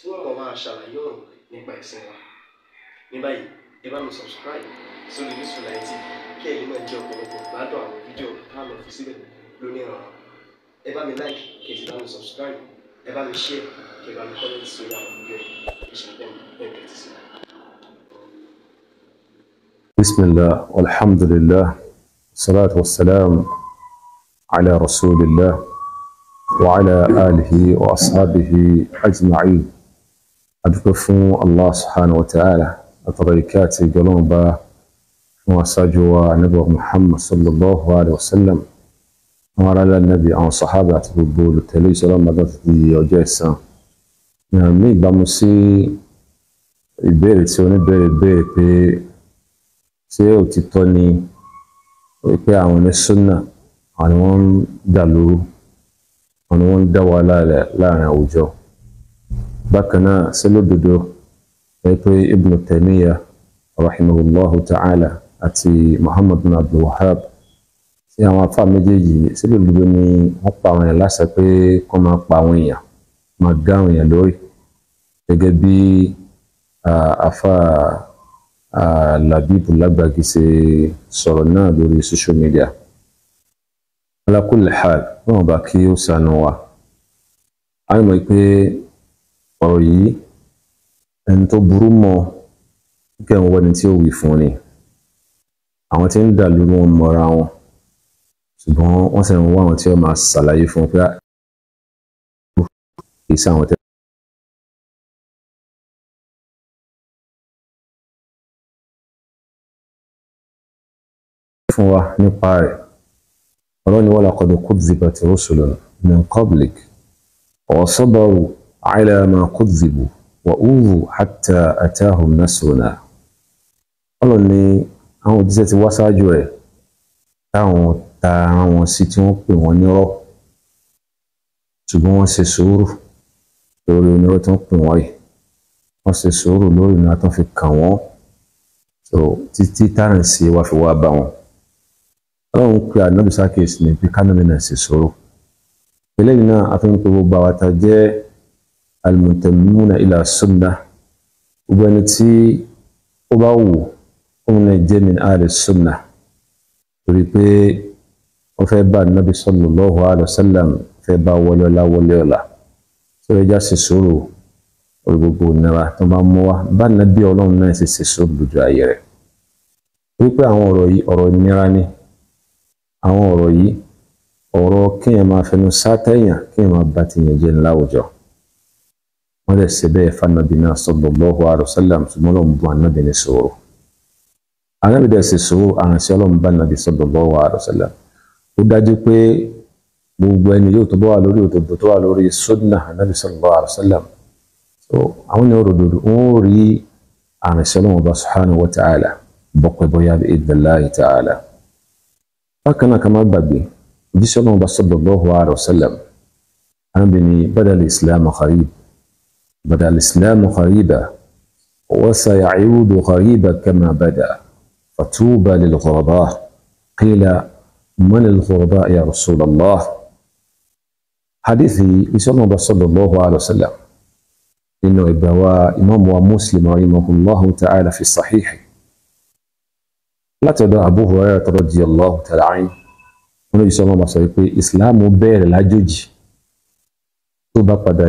tí wọ́n mọ̀ máa ṣàlàyé ọ̀rọ̀ nípa ẹ̀sìn wa ní báyìí ẹ bá mi subscribe sórí Yusufullahi TV kí ẹ̀yin náà jẹ́ ọ̀pọ̀lọpọ̀ gbádùn àwọn fídíò tá a lọ fi síbẹ̀ lónìí ọ̀rọ̀ ẹ bá mi like kí ẹ sì bá mi subscribe ẹ bá mi share kí ẹ bá mi comment sórí àwọn fídíò yìí ìṣẹ̀lẹ̀ ẹ̀ẹ́dẹ̀ ti sí. بسم الله والحمد لله والصلاة والسلام على رسول الله وعلى آله وأصحابه أجمعين adúpẹ́ fún allah subhanahu wa ta'ala àtọ̀rọ̀ ìkẹ́ àti ìjọlọ́run bá fún aṣáájú wa anábọ̀ muhammad sallallahu alayhi wa sallam àwọn aráàlú anábì àwọn sàhábà àti gbogbo olùtẹ̀lé ìṣọ́lọ́run bá ti di ọjọ́ ẹ̀san ní ìbámu sí ìbéèrè tí oníbéèrè béèrè pé ṣé òtítọ́ ni pé àwọn onísúnà àwọn ni wọ́n ń dà àwọn ni wọ́n ń dá wàhálà láàrin àwùjọ bákan náà sílódodo pé ibn taymiya rahimahullahu ta'ala àti muhammad bin abdul wahab tí àwọn afá méjèèjì sílódodo ni wọ́n pa àwọn èèyàn láṣẹ pé kó máa pa àwọn èèyàn máa gá àwọn èèyàn lórí gẹ́gẹ́ bí afá labibu lágbàgì ṣe sọ̀rọ̀ náà lórí social media ala kulli wọn bá kí ó sànù wa àyìnbó pé ọ̀rọ̀ yìí ẹni tó burú mọ́ kẹ́ ń wọ́ni tí ó wí fún ni àwọn tí ń dà lórí wọn mọ́ra wọn ṣùgbọ́n wọ́n sì ń wá àwọn tí wọ́n máa ṣàlàyé fún pé ah, kì í sáwọn tẹ́. fún wa nípa rẹ̀ ọlọ́ni wọ́n lakọ̀dọ̀ kó zibat rusulun min qablik wa sabaru. على ما كذبوا وأوذوا حتى أتاهم نصرنا الله ni àwọn òjíṣẹ́ ti wá ṣáájú rẹ̀ táwọn ta ara wọn sí tí wọ́n pè wọ́n nírọ́ ṣùgbọ́n wọ́n ṣe sùúrù lórí onírọ́ tí wọ́n pè wọ́n yìí wọ́n ṣe sùúrù lórí ìnira tó fi kàn wọ́n títí táràn sí wá fi wá bá wọn. Ọlọ́run pe ànábìsá kìí sí ní kánú mi náà ṣe sùúrù eléyìí náà a fi ń pe gbogbo àwọn àtàjẹ́ alimutamuna ilà sunna gbogbo ẹni tí ó bá wù òun lè jẹ́ min àlè sunna torí pé wọ́n fẹ́ bá nàbí sallallahu alaihi wasallam fẹ́ bá wọlé ọlá wọlé ọlá tí wọ́n já sí sòrò orí gbogbo ìnira tó bá mú wa bá nàbí ọlọ́run náà sì sì sòrò lójú ayé rẹ̀ wípé àwọn ọ̀rọ̀ yìí ọ̀rọ̀ ìnira ni àwọn ọ̀rọ̀ yìí ọ̀rọ̀ kéèyàn máa fẹnu sátẹ̀yàn kéèyàn máa bá tìyàn jẹ́ ńláwùjọ wọ́n lè ṣe bẹ́ẹ̀ fanabi náà sallallahu alaihi wasallam ṣùgbọ́n lọ́n bu anabi ní sòrò anabi dẹ̀ ṣe sòrò àrànṣẹ́ ọlọ́run bá anabi sallallahu alaihi wasallam ó dájú pé gbogbo ẹni yóò tó bá wà lórí òdodo tó wà lórí sunna anabi sallallahu alaihi wasallam so àwọn ènìyàn òdodo wọn ò rí àrànṣẹ́ ọlọ́run bá subhanahu wa ta'ala bọ́pẹ́ bóyá bí idhnillahi ta'ala bákan náà ká má gbàgbé òjíṣẹ́ ọlọ́run bá sallallahu alaihi wasallam anabi ni badal islam gharib بدا الإسلام غريبا وسيعود غريبا كما بدا فطوبى للغرباء قيل من الغرباء يا رسول الله حديثي يسمى صلى الله عليه وسلم إنه إبواء إمام ومسلم رحمه الله تعالى في الصحيح لا تدع أبو هريرة رضي الله تعالى عنه ونبي صلى الله عليه وسلم إسلام بير لا tó bá padà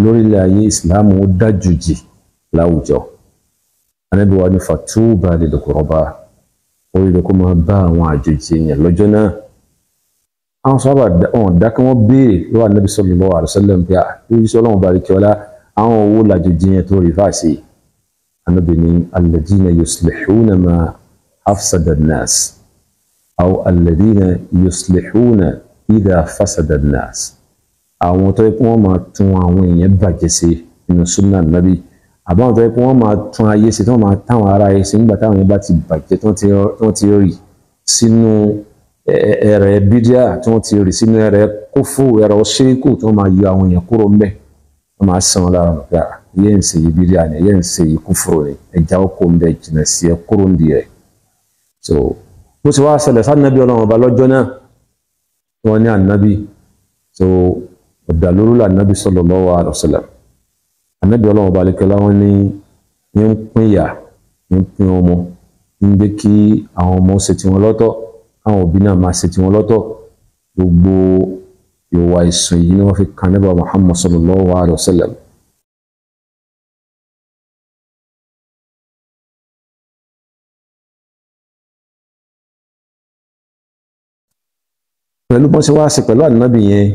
lórílẹ̀ ayé ìsìláàmù ó dájú jì láwùjọ anábì wa ní fatuba lil ghuraba oríire kó máa bá àwọn àjòjì yẹn lọ́jọ́ náà àwọn sábà wọn dákẹ wọn béèrè lọ́wọ́ anábì sallallahu alaihi wasallam pé lórí sọlọ wọn bari kíọlá àwọn owó làjòjì yẹn tó rí fàṣẹ anábì ní alladhina yuslihuna ma afsada an-nas aw alladhina yuslihuna idha fasada an-nas. àwọn tó yẹ kí wọ́n máa tún àwọn èèyàn bàjẹ́ ṣe nínú súnà nàbí àbáwọn tó yẹ kí wọ́n máa tún ayé ṣe tí wọ́n máa táwọn ará ayé ṣe nígbà táwọn yẹn bá ti bàjẹ́ tí wọ́n ti rì sínú ẹ̀rẹ̀ bídíà tí wọ́n ti rì sínú ẹ̀rẹ̀ kófó ẹ̀rọ ṣíríkù tí wọ́n máa yọ àwọn èèyàn kúrò ńbẹ̀ wọ́n máa sàn lára rẹ̀ pé yẹ́ ń ṣe yìí bídíà ni yẹ́ ń ṣe yìí kúfúrò ni ẹja ọkọ̀ ńbẹ̀ jìnà sí ẹ kúrò ń di so bó ti wá ṣẹlẹ̀ sanabi ọlọ́run ọba lọ́jọ́ náà wọ́n ní ànábì so ọ̀dàlóró là nàbí sallallahu alaihi wasallam ànábì ọlọ́wọ́ balẹ̀kẹ́lá wọn ní ní ń pín ìyà ní ń pín ọmọ ní ń jẹ́ kí àwọn ọmọ ṣe tiwọn lọ́tọ̀ àwọn òbí náà máa ṣe tiwọn lọ́tọ̀ gbogbo ìwà ìsìn yìí ni wọ́n fi kan níbà Muhammad sallallahu alaihi wasallam pẹ̀lú bọ́n ṣe wá sí pẹ̀lú ànábì yẹn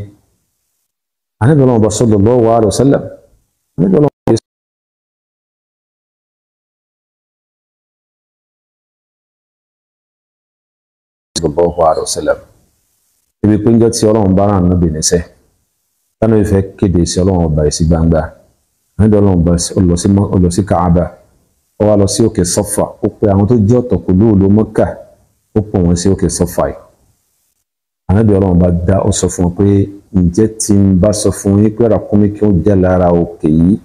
àníbi ọlọ́run bá sọ́dọ̀ lọ́wọ́ wa rẹ̀ sẹ́lẹ̀ àníbi ọlọ́run bá yẹ sọ́dọ̀ lọ́wọ́ wa rẹ̀ sẹ́lẹ̀ ibi pé ń jẹ́ tí ọlọ́run bá ràn níbi níṣẹ́ tánà ìfẹ́ kéde sí ọlọ́run ọba ìsí gbangba àníbi ọlọ́run bá lọ sí káàbà ó wá lọ sí òkè sọ́fà ó pe àwọn tó jẹ́ ọ̀tọ̀kù lóòló mọ́kà ó pọ̀ wọ́n sí òkè sọ́fà yìí àníbi ọlọ́run bá dá ó sọ fún wọn pé ǹjẹ́ tí n bá sọ fún yín pé ràkúnmí kí wọ́n jẹ́ lára òkè yìí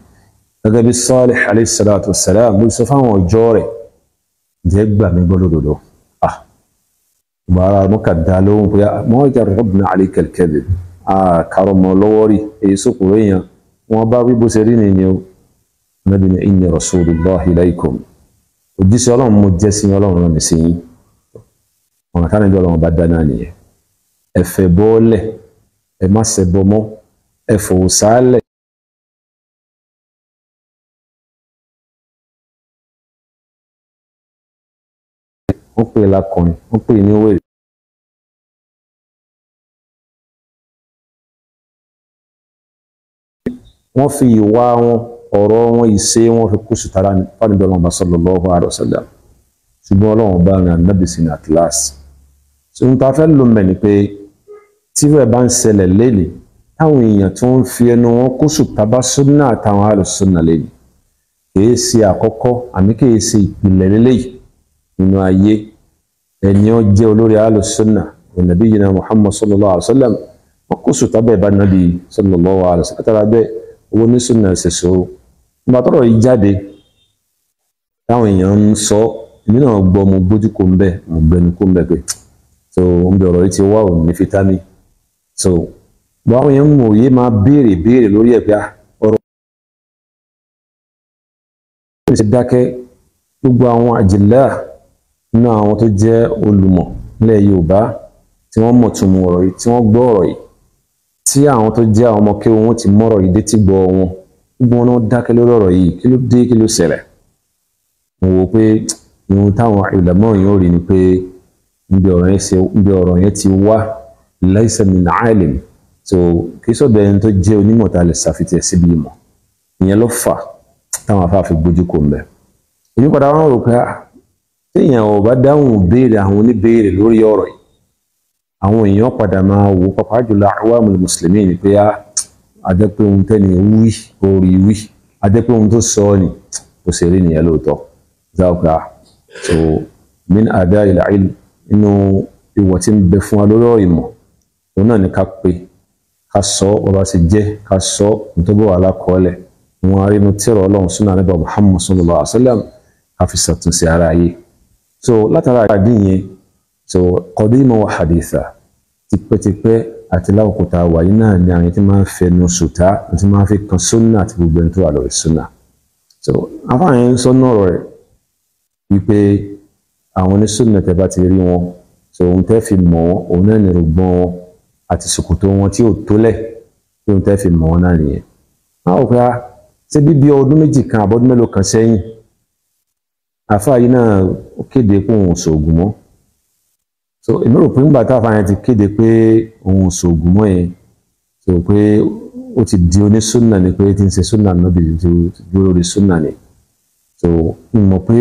gẹ́gẹ́ bí Salih alayhi salatu wa salam mo sọ fáwọn ọjọ́ rẹ̀ ǹjẹ́ gbà mí gbọ́ lódodo ah bàrà mo kà dá lóhùn pé mo ń jà rẹ̀ bìnrin àlè kẹ̀lẹ́kẹ̀lẹ́ ah kàrọ̀ mọ́ lọ́wọ́ rí èyí sòkòrò èèyàn wọn bá wí bó ṣe rí nìyẹn o nàbí ni inni rasulullahi ilaykum òjíṣẹ́ ọlọ́run mo jẹ́ sí ọlọ́run rẹ̀ sí yín ọ̀nà ẹ má ṣẹbọ mọ́ ẹ fòòsálẹ̀. wọ́n pè lakọrin wọ́n pè ní owó èrè. wọ́n fi ìwà wọn ọ̀rọ̀ wọn ìṣe wọn fi kú sùtara fáńdọ̀ ọlọ́mọba sallallahu alaihi wasallam ṣùgbọ́n ọlọ́mọba rìn ànábìsí ní atlas. sọ̀rọ̀ tá a fẹ́ lò mẹ́ ni pé tírú ẹ̀ bá ń ṣẹlẹ̀ lẹ́nìí táwọn èèyàn tí wọ́n ń fi ẹnu wọn kó sùtà bá súnà àtàwọn àlùsùnà lẹ́nìí kìí ṣe àkọ́kọ́ àmì kìí ṣe ìpìlẹ̀ lélẹ́yìí nínú ayé ẹni ó jẹ́ olórí àlùsùnà ìnàbí yìí náà Muhammad sallallahu alayhi wa sallam wọn kó sùtà bẹ́ẹ̀ bá nàbí sallallahu alayhi wa sallam látara bẹ́ẹ̀ owó ní súnà ṣẹ̀ sòrò nígbà tọ́rọ̀ yìí jáde táwọn èèyàn ń sọ èmi náà gbọ́ mo bójú kó ń bẹ́ẹ̀ mo gbẹnu kó ń bẹ́ẹ̀ pé so ń bẹ ọ̀rọ̀ yìí ti wá òní fítámì so bọ́ àwọn yẹn ń mọ̀ òye máa béèrè béèrè lórí ẹ̀ pé ah, ọ̀rọ̀ ọ̀rọ̀ ṣe dákẹ́ gbogbo àwọn àjìlá nínú àwọn tó jẹ́ olùmọ̀ nílẹ̀ Yorùbá tí wọ́n mọ̀ tún mọ̀ ọ̀rọ̀ yìí tí wọ́n gbọ́ ọ̀rọ̀ yìí tí àwọn tó jẹ́ àwọn ọmọ kéwọn wọn ti mọ̀rọ̀ yìí dé tí gbọ́ wọn gbogbo wọn náà dákẹ́ lórí ọ̀rọ̀ yìí kí ló dé kí ló ṣẹlẹ̀ mo wò pé ohun táwọn ìlàmọ́ yìí ò rí ni pé níbi ọ̀rọ̀ yẹn ti wá laisa min alim so kì í sọ̀dọ̀ ẹni tó jẹ́ onímọ̀ tá a lè ṣàfihàn síbi ìmọ̀ ìyẹn ló fà táwọn afáàfin gbójú kò mbẹ. èmi padà wọn rò pé ah, téèyàn ò bá dáhùn béèrè àwọn oníbéèrè lórí ọ̀rọ̀ yìí àwọn èèyàn padà máa wò pàpà jùlọ àwọn mùsùlùmí ni pé ah, a adé ohun tẹ́ni wí orí wí adé ohun tó sọ ni kò sì rí nìyẹn lóòótọ́ dáwọ́pá so min adá ilà ilm inú ìwọ̀ tí ń bẹ fún wa lórí ọ̀rọ̀ ìmọ̀ òun náà ni ká pe ká sọ bàbá ṣe jẹ́ ká sọ nítorí wàhálà kọ́ọ̀lẹ̀ wọn arínú tírà ọlọ́run súnà nípa Muhammad sallallahu alaihi wasallam ká fi ṣàtúnṣe ara ayé so látara àdín yẹn so qadima wa haditha tipẹ́tipẹ́ àti láwùkọ tá a wà yìí náà ni àwọn tí máa ń fẹnu sùtá àti máa ń fi kan súnà àti gbogbo ẹni tó wà lórí súnà so afáàní ń sọ náà rẹ wípé àwọn onísùnà bá ti rí wọn so òun tẹ́ fi mọ̀ wọn òun náà ní rògbọ́n wọn àti ṣòkòtò wọn tí ò tólẹ̀ tí òun tẹ́ fi mọ̀ wọn náà nìyẹn wọn ò pa ah, ṣé bíbí ọdún méjì kan àbọ̀dún mélòó kan sẹ́yìn àáfàá yìí náà ó kéde pé òun ṣoògùn mọ́ so èmi rò pé nígbà táwọn afáàyàn ti kéde pé òun ṣoògùn mọ́ yẹn so pé ó ti di onísúnà ni pé ti ń ṣe súnà náà bìí ti dúró lórí súnà ni so n mọ̀ pé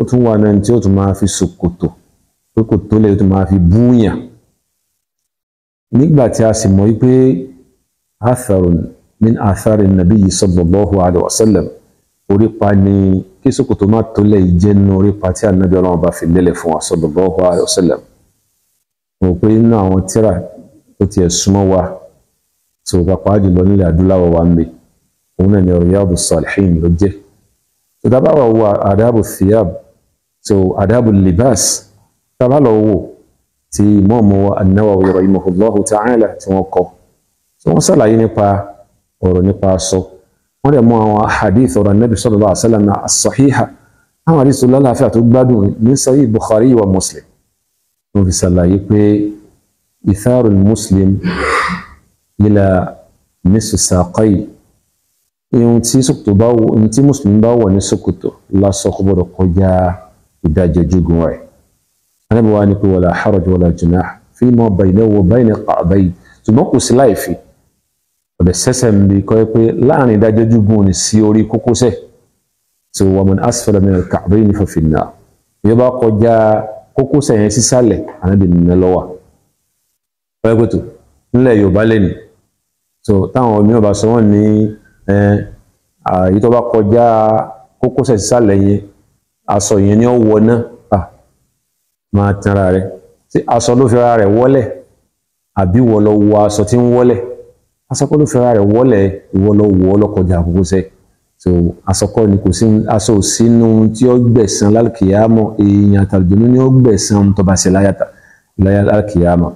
ó tún wà náà tí ó tún máa fi ṣòkòtò pé kò tó ó tún máa fi búùyàn nígbà tí a sì mọ̀ wípé atharun min athari nabiyyi sallallahu alayhi wa sallam orípa ni kí sòkòtò má tó lẹ̀ jẹ́ nínú orípa tí ànábì ọlọ́run bá fi lélẹ̀ fún wa sallallahu alayhi wa sallam mo pé nínú àwọn tíra tó tiẹ̀ súnmọ́ wa tó pàpà jùlọ nílẹ̀ adúláwọ̀ wa ń bẹ òun náà ni Riyadu Salihin ló jẹ́ tó dábàá wà wọ tí Imam an-Nawawi rahimahullahu ta'ala tí wọ́n kọ tí wọ́n ṣàlàyé nípa ọ̀rọ̀ nípa aṣọ wọ́n dẹ̀ mú àwọn hadith ọ̀rọ̀ Nabi sallallahu alaihi wasallam as-sahiha àwọn hadith tó lálàáfíà tó gbádùn ní Sahih Bukhari wa Muslim wọ́n fi ṣàlàyé pé itharul muslim ila nisu saqai ihun tí ṣòkòtò bá wọ ní ṣòkòtò lásọ gbọ́dọ̀ kọjá ìdajì ojúgun rẹ̀ anábì wa ni pé wàlà haraj wàlà jìnnà fi mọ baynahu wa bayna kàbẹ́yì ṣùgbọ́n kò sí láìfi ọ̀dẹ̀ sẹ́sẹ̀ ń bi kọ́ ẹ pé láàrin ìdájọ́júgun ni sí orí kókósẹ̀ tí wọ́n mọ̀ ní asfẹ́lẹ̀ min al-ka'bayn ní fòfin náà ìyẹn bá kọjá kókósẹ̀ yẹn sísàlẹ̀ anábì nìyẹn lọ́wà ọ̀rẹ́ pẹ̀tù nílẹ̀ yorùbá lẹ́nu so táwọn mìíràn bá sọ wọ́n ní èyí tó bá kọjá kókósẹ̀ sísàlẹ̀ yẹn aṣọ yẹn ni ó wọ náà máa tanra rẹ tí aṣọ ló fira rẹ wọlẹ̀ àbí ìwọ lọ wọ aṣọ tí ń wọlẹ̀ aṣọ kọ́ ló fira rẹ wọlẹ̀ ìwọ lọ wọ ọlọkọjà àkókò sẹ so aṣọ kọ́ ni kò sí aṣọ ò sínú tí ó gbẹ̀san lálùkìyàmọ èèyàn tàbí ní ó gbẹ̀san tó láyàtà lálùkìyàmọ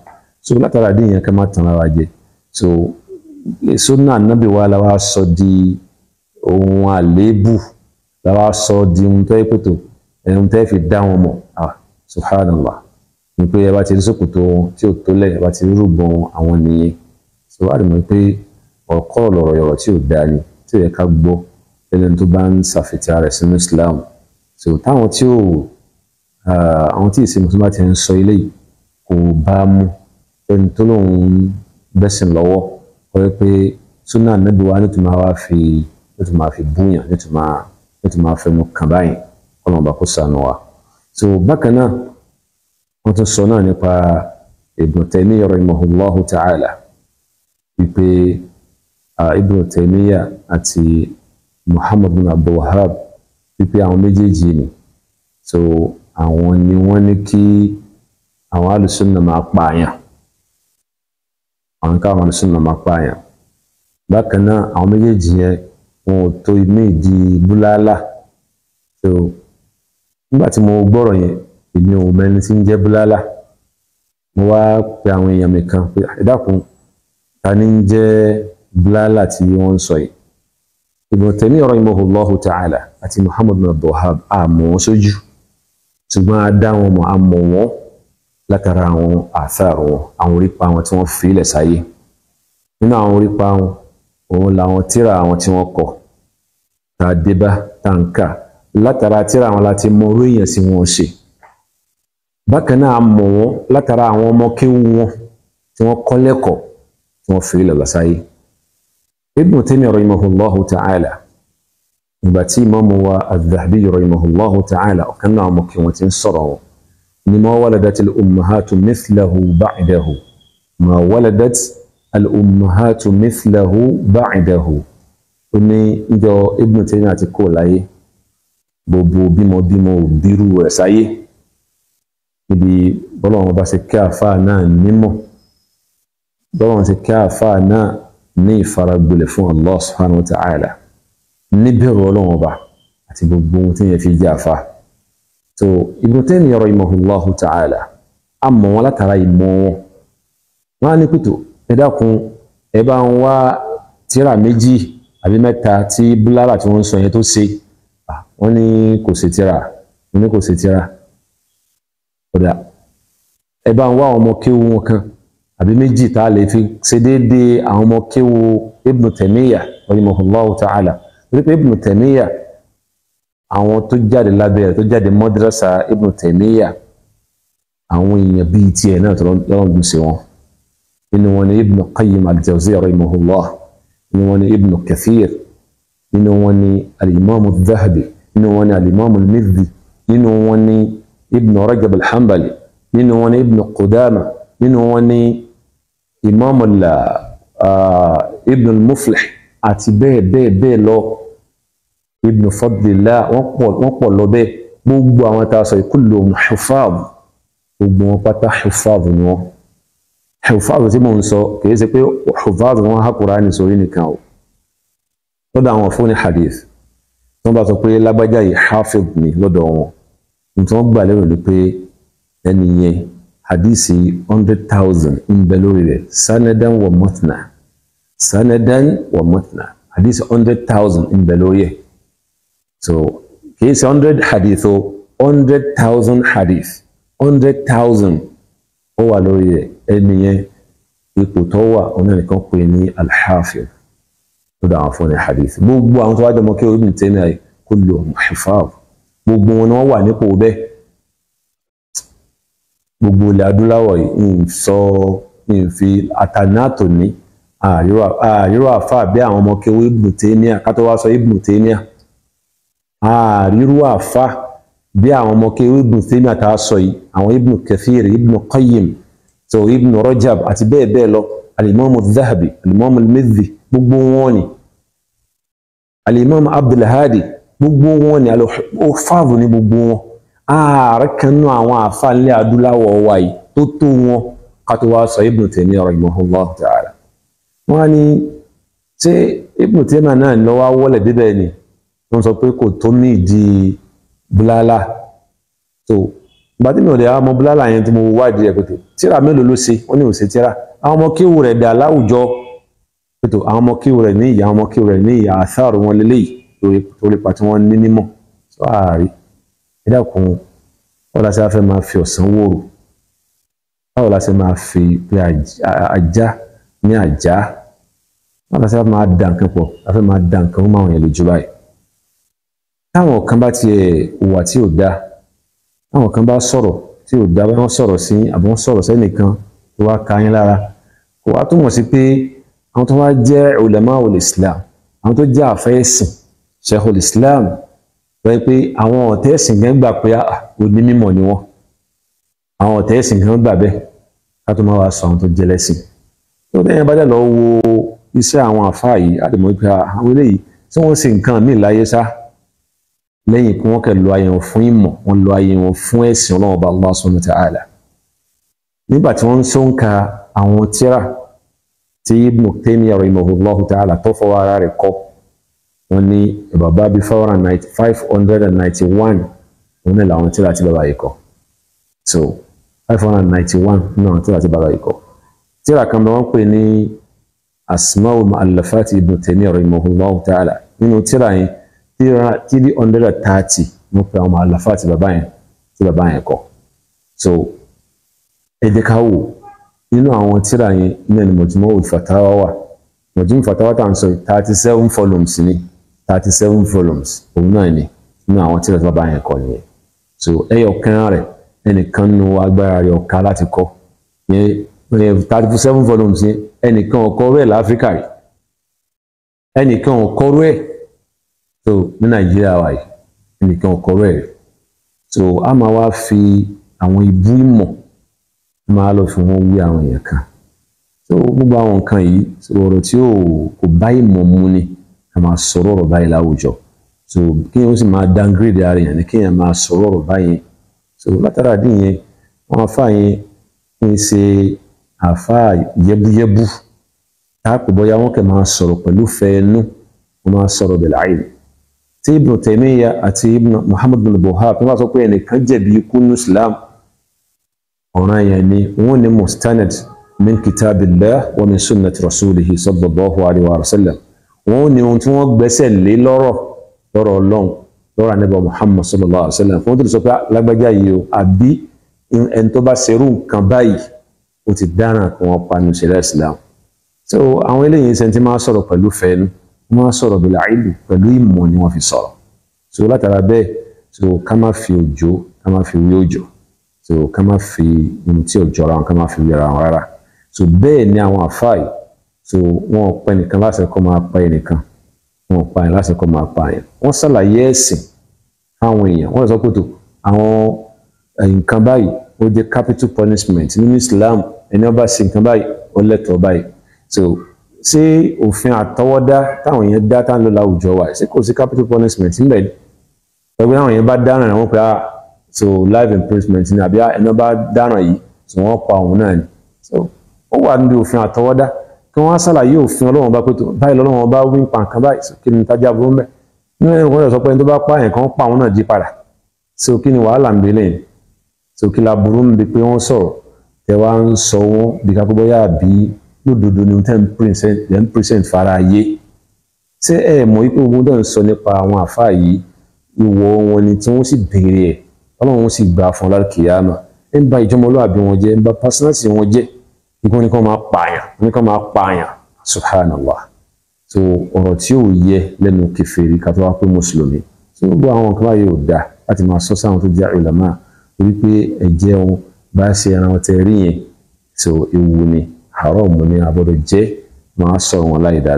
so látara dín yẹn ká má tanra wa jẹ so sunna anabi wa la wa sọ di ohun àléébù la wa sọ di ohun tó yẹ pé ohun tó yẹ fi dá wọn mọ̀ ah, subhanallah ni pé ẹ bá ti rí ṣòkòtò wọn tí ò tó lẹ̀ ẹ bá ti rí rúbọ wọn àwọn nìyẹn tí wàá rí mọ̀ pé ọ̀kọ́ ọ̀lọ̀rọ̀ yọ̀rọ̀ tí ò dáa ni tí ò yẹ ká gbọ́ lẹ́nu tó bá ń ṣàfihàn rẹ̀ sínú islam so táwọn tí ò àwọn tí ìsinmi tó bá ti ń sọ ilé yìí kò bá a mú ẹni tó lóun bẹ́sìn lọ́wọ́ kọ́ ẹ pé súnà níbi wa ní máa wá fi ní máa fi búyàn ní tó máa fẹnu kàn báyìí kọ́ bá kó sànù wa so bákan náà wọ́n tún sọ náà nípa Ibn Taymiyyah rahimahullahu ta'ala wípé Ibn Taymiyyah àti Muhammad bin Abdul Wahhab wípé àwọn méjèèjì ni so àwọn ni wọ́n ní kí àwọn alùsùnà máa pààyàn àwọn káwọn alùsùnà máa pààyàn bákan náà àwọn méjèèjì yẹn wọn ò tó ní ìdí búláàlà so. nígbà tí mo gbọ́rọ̀ yẹn èmi ò mẹni tí ń jẹ́ búlálà mo wá pe àwọn èèyàn mi kan pé ta ni ń jẹ́ tí wọ́n ń sọ yìí ta'ala àti Muhammad bin Abdulwahab àmọ́ wọn sójú ṣùgbọ́n a dá wọn mọ̀ àmọ́ wọn látara àwọn àfáàrò wọn àwọn orípa wọn tí wọ́n fi ilẹ̀ sáyé nínú àwọn orípa wọn òun làwọn tíra àwọn tí wọ́n kọ tá a débá látara tíra àwọn láti mọ orí èèyàn sí wọn ṣe bákan náà mọ̀ wọ́n látara àwọn ọmọ kéwú wọn tí wọ́n kọ́ lẹ́kọ̀ọ́ tí wọ́n fi lọ lọ́sáyé Ibn Taymiyyah rahimahullahu ta'ala ìgbà tí ìmọ̀mù wa Az-Zahabi rahimahullahu ta'ala ọ̀kan náà mọ̀ kí wọ́n ti ń sọ̀rọ̀ wọn ni ma waladat al-ummahatu mithlahu ba'dahu ma waladat al-ummahatu mithlahu ba'dahu ó ní ìjọ Ibn Taymiyyah àti kò láyé gbogbo bímọbímọ ò bírú rẹ̀ sáyé níbi bọ́lọ́run bá ṣe kí àáfàá náà nímọ̀ bọ́lọ́run ṣe kí àáfàá náà ní ìfaragbolẹ̀ fún Allah subhanahu wa ta'ala níbẹ̀rù ọlọ́run ọba àti gbogbo ohun tí yẹn fi jẹ́ àáfàá so Ibn Taymiyyah rahimahullahu ta'ala a mọ̀ wọn látara ìmọ̀ wọn wọn á ní pẹ̀tọ́ ẹ dákun ẹ bá ń wá tírà méjì àbí mẹ́ta tí búlára tí wọ́n ń sọ yẹn tó ṣe wọ́n ní kò sí tíra wọ́n ní kò sí tíra ọ̀dà ẹ bá ń wá àwọn ọmọ kéwu wọn kan àbí méjì tá a lè fi ṣe déédéé àwọn ọmọ kéwu Ibn Taymiyyah rahimahullahu ta'ala torí pé Ibn Taymiyyah àwọn tó jáde lábẹ́ rẹ̀ tó jáde mọ́dírásà Ibn Taymiyyah àwọn èèyàn bíi tiẹ̀ náà tó lọ́rùn dùn sí wọn nínú wọn ni Ibn Qayyim al-Jawziyya rahimahullah nínú wọn ni Ibn Kathir nínú wọn ni al-Imam nínú wọn ni alimami mizzi nínú wọn ni ibn rajab alhambali nínú wọn ni ibn qudama nínú wọn ni imamu uh, ibn muflih àti bẹ́ẹ̀ bẹ́ẹ̀ bẹ́ẹ̀ lọ ibn fadlillah wọ́n pọ̀ wọ́n pọ̀ lọ bẹ́ẹ̀ gbogbo àwọn tá a sọ ìkúlò hufab gbogbo wọn pátá hufab ni wọn hufab tí mò ń sọ kìí ṣe pé hufab wọn há Kùránì sórí nìkan o lọ́dọ̀ àwọn fún ní hadith wọ́n bá sọ pé lágbájá yìí hafid ni lọ́dọ̀ wọn nítorí wọ́n gbà lérò ni pé ẹni yẹn hadisi hundred thousand ń bẹ lórí rẹ̀ sanadan wa mutna sanadan wa mutna hadisi hundred thousand ń bẹ lórí ẹ̀ so kì í ṣe hundred hadith o hundred thousand hadith hundred thousand ó wà lórí rẹ̀ ẹni yẹn ipò tó wà ọ̀nà nìkan pè ní alhafid lọ́dọ̀ àwọn afọ́nà hadith gbogbo àwọn tó wá jọmọ kí Ibn Taymiyyah yìí kó lò hifaz gbogbo wọn ni wọ́n wà nípò bẹ́ẹ̀ gbogbo ilẹ̀ adúláwọ̀ yìí ń sọ ń fi àtànátò ní àrírò àfà bí àwọn ọmọ kí Ibn Taymiyyah kátó wá sọ Ibn Taymiyyah àrírò àfà bí àwọn ọmọ kí Ibn Taymiyyah tá a sọ yìí àwọn Ibn Kathir Ibn Qayyim so Ibn Rajab àti bẹ́ẹ̀ bẹ́ẹ̀ lọ al-Imam al-Dhahabi gbogbo wọn ni alimami abdulhadi gbogbo wọn ni alofaavu ni gbogbo wọn ààrẹ kan nú àwọn àfàlẹ adúláwọ̀ wa yìí tó tó wọn kátó wá sọ ibùn tèmi rahimahullah ta'ala wọn á ní ṣé ibùn tèmi náà lọ wá wọlé débẹ̀ ni wọn sọ pé kò tó ní ìdí bùlálà tó gbàtí mi ò lè àwọn ọmọ bùlálà yẹn tí mo wádìí ẹ pé tíra mélòó ló ṣe wọn ní ò ṣe tíra àwọn ọmọ kéwù rẹ̀ dà láwùjọ ètò àwọn ọmọ kíw rẹ̀ ní ìyá ọmọ kíw rẹ̀ ní ìyá àṣàrò wọn lélẹ́yìí lórí ipa tí wọ́n ní nímọ̀ tó ààrí ẹ dákun báwo la ṣe fẹ́ máa fi ọ̀sán wòrò báwo la ṣe máa fi pé ajá ní ajá báwo la ṣe máa dà nǹkan pọ̀ la fẹ́ máa dà nǹkan mọ́ àwọn èèyàn lójú báyìí táwọn kan bá tiẹ̀ hùwà tí ò dáa táwọn kan bá sọ̀rọ̀ tí ò dáa bá wọn sọ̀rọ̀ sí àbí wọn sọ̀rọ̀ tó wá ka yín lára kò wá túmọ̀ sí pé àwọn tó wá jẹ́ ulamaul islam àwọn tó jẹ́ àfẹ́sìn sheikhul islam wọ́n pé àwọn ọ̀tẹ́sìn gan gbà pé òní ah, mímọ̀ ni wọ́n àwọn ọ̀tẹ́sìn gan gbà bẹ́ẹ̀ ká tó máa wá sọ àwọn tó jẹ́ lẹ́sìn tó bẹ́ẹ̀ bá dẹ̀ lọ wo iṣẹ́ àwọn àfáà yìí á lè mọ̀ pé ah, àwọn eléyìí tí wọ́n ṣe nǹkan míì láyé sá lẹ́yìn kí wọ́n kẹ́ lo ayé wọn fún ìmọ̀ wọ́n lo ayé wọn fún ẹ̀sìn ọlọ́run ọba Allah subhanahu wa ta'ala nígbà tí wọ́n ń ṣóǹka àwọn tíra tí ibnu Taymiyyah rahimahullahu ta'ala tó fọwọ́ ara rẹ̀ kọ́ wọn ní bàbá bíi four hundred five hundred and ninety one òun náà làwọn bàbá yìí kọ so five hundred and ninety one náà tíra tí bàbá yìí kọ tíra kan bẹ wọn pè ní asma'u mu'allafati ibnu Taymiyyah rahimahullahu ta'ala nínú tíra yẹn tíra three hundred and thirty wọn pe àwọn mu'allafati bàbá yẹn tí bàbá yẹn kọ so ẹ jẹ́ wò nínú àwọn tíra yẹn ní ẹni mọ̀júmọ́ olùfàtàwà wà mọ̀júmọ́ fàtàwà tà ń sọ yìí thirty seven volumes ni thirty seven volumes òun náà ni nínú àwọn tíra tí bàbá yẹn kọ nìyẹn so ẹyọ kan rẹ ẹnìkan nu agbára rẹ ọ̀ka láti kọ yẹn thirty seven volumes yẹn ẹnìkan ọ̀kọ́ rẹ̀ láfíríkà rẹ̀ ẹnìkan ọ̀kọ́ rẹ̀ so ní nàìjíríà wà yìí ẹnìkan ọ̀kọ́ rẹ̀ so a máa wá fi àwọn ibú ìmọ̀ máa lọ fi wọn wí àwọn èèyàn kan so gbogbo àwọn nǹkan yìí ọ̀rọ̀ tí ò kò báyìí mọ̀ mú ni a máa sọ̀rọ̀ ọ̀rọ̀ báyìí láwùjọ so kéèyàn ó sì máa downgrade ara èèyàn ni kéèyàn máa sọ̀rọ̀ ọ̀rọ̀ báyìí so látara dín yẹn wọn afá yẹn ń ṣe àfá yẹbúyẹbú táàpù bóyá wọn kẹ máa sọ̀rọ̀ pẹ̀lú fẹ́ẹ́nú wọn máa sọ̀rọ̀ bẹ̀lẹ̀ àyè tí Ibn Taymiyyah àti Ibn Muhammad Buhari wọn bá sọ pé ẹnìkan jẹ̀bi ikú ní Islam ọ̀ranyàn ni wọ́n ní mustanad min kitabillah wa min sunnati rasulihi sallallahu alayhi wa sallam wọ́n ní ohun tí wọ́n gbẹ́sẹ̀ lé lọ́rọ̀ lọ́rọ̀ ọlọ́run lọ́rọ̀ anábọ̀ muhammad sallallahu alayhi wa sallam fún tó sọ pé ah, lágbájá yìí o àbí ẹni tó bá ṣerú nǹkan báyìí ó ti dáràn kí wọ́n pa ní islam so àwọn eléyìí sẹ́ni tí máa sọ̀rọ̀ pẹ̀lú fẹ́ẹ́nu wọ́n sọ̀rọ̀ bẹ̀lẹ̀ àìlù pẹ̀lú ìmọ̀ wọ́n fi sọ̀rọ̀ so látara bẹ́ẹ̀ so ká má fi òjò ká má so ká má fi ohun tí ò jọra wọn ká má fi wéra wọn rárá so bẹ́ẹ̀ ni àwọn àfáà yìí so wọn pa ẹnìkan láṣẹ kó máa pa ẹnìkan wọn pa ẹnìkan láṣẹ kó máa pa ẹnìkan wọn ṣàlàyé ẹ̀sìn fáwọn èèyàn wọn sọ pé àwọn nǹkan báyìí ó jẹ́ capital punishment nínú Islam ẹni ọba sí nǹkan báyìí ó lẹ́tọ̀ọ́ báyìí so ṣé òfin àtọwọ́dá táwọn èèyàn dá táwọn lò láwùjọ wa ṣé kò sí capital punishment níbẹ̀ ẹgbẹ́ àwọn èèyàn bá dáràn wọn pé ah so life imprisonment ni àbí ẹni bá dáràn yìí so wọ́n pa òun náà ni so ó wà níbi òfin àtọwọ́dá kí wọ́n á ṣàlàyé òfin ọlọ́wọ́n bá pé tó báyìí lọ́wọ́n bá wí nǹkan kan báyìí so kí ni tájà burú mẹ́ nínú ẹ̀yìn kan sọ pé ẹni tó bá pààyàn kan pa òun náà jí padà so kí ni wàhálà ń belẹ̀ yìí so kí la burú ń bi pé wọ́n sọ̀rọ̀ tẹ wá ń sọ wọ́n bí ká pé àbí lódodo ni ten percent ten percent fara ayé ṣé ẹ mọ̀ wípé ogun dẹ̀ ń sọ nípa àwọn àfáà yìí ìwọ̀ wọn ni tí wọ́n sì béèrè ẹ̀ ọlọ́run sì gbà fún ọlọ́run kìyàmà ẹ ń ba ìjọmọ olóàbí wọn jẹ ẹ ń ba pásínàsì wọn jẹ nígbà wọn máa pààyàn wọn máa pààyàn subhanallah so ọ̀rọ̀ tí ò yẹ lẹ́nu kèfèrí ká tó wá pé mùsùlùmí tí wọ́n bọ́ àwọn kan báyìí ò dáa láti máa sọ sáwọn tó jẹ́ ulama torí pé ẹ̀jẹ̀ wọn bá ṣe ara wọn rí yẹn so ewu ni haram ni abọ́dọ̀ jẹ́ máa sọ̀rọ̀ wọn láì dá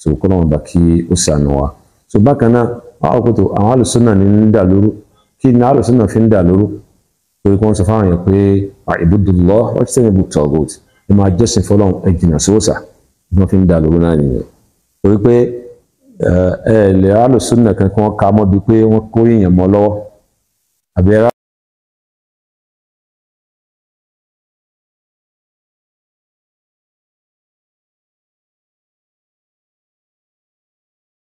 so kọ́ lọ́wọ́n bá kí ó sànù wa so bákan náà àwọn àkótó àwọn alùsùn náà ní ń dà lóru kí ní àlùsùn náà fi ń dà lóru torí kí wọ́n sọ fáwọn yẹn pé àìbùdùlọ́ wọ́n ti sẹ́yìn bùtọ̀ gold ẹ máa jọ́sìn fọlọ́n ẹ jìnnà sóòsà bí wọ́n fi ń dà lóru náà nìyẹn torí pé ẹ ẹ lè àlùsùn náà kan kí wọ́n ka mọ́ bíi pé wọ́n kó èèyàn mọ́ lọ́wọ́ àbí ẹ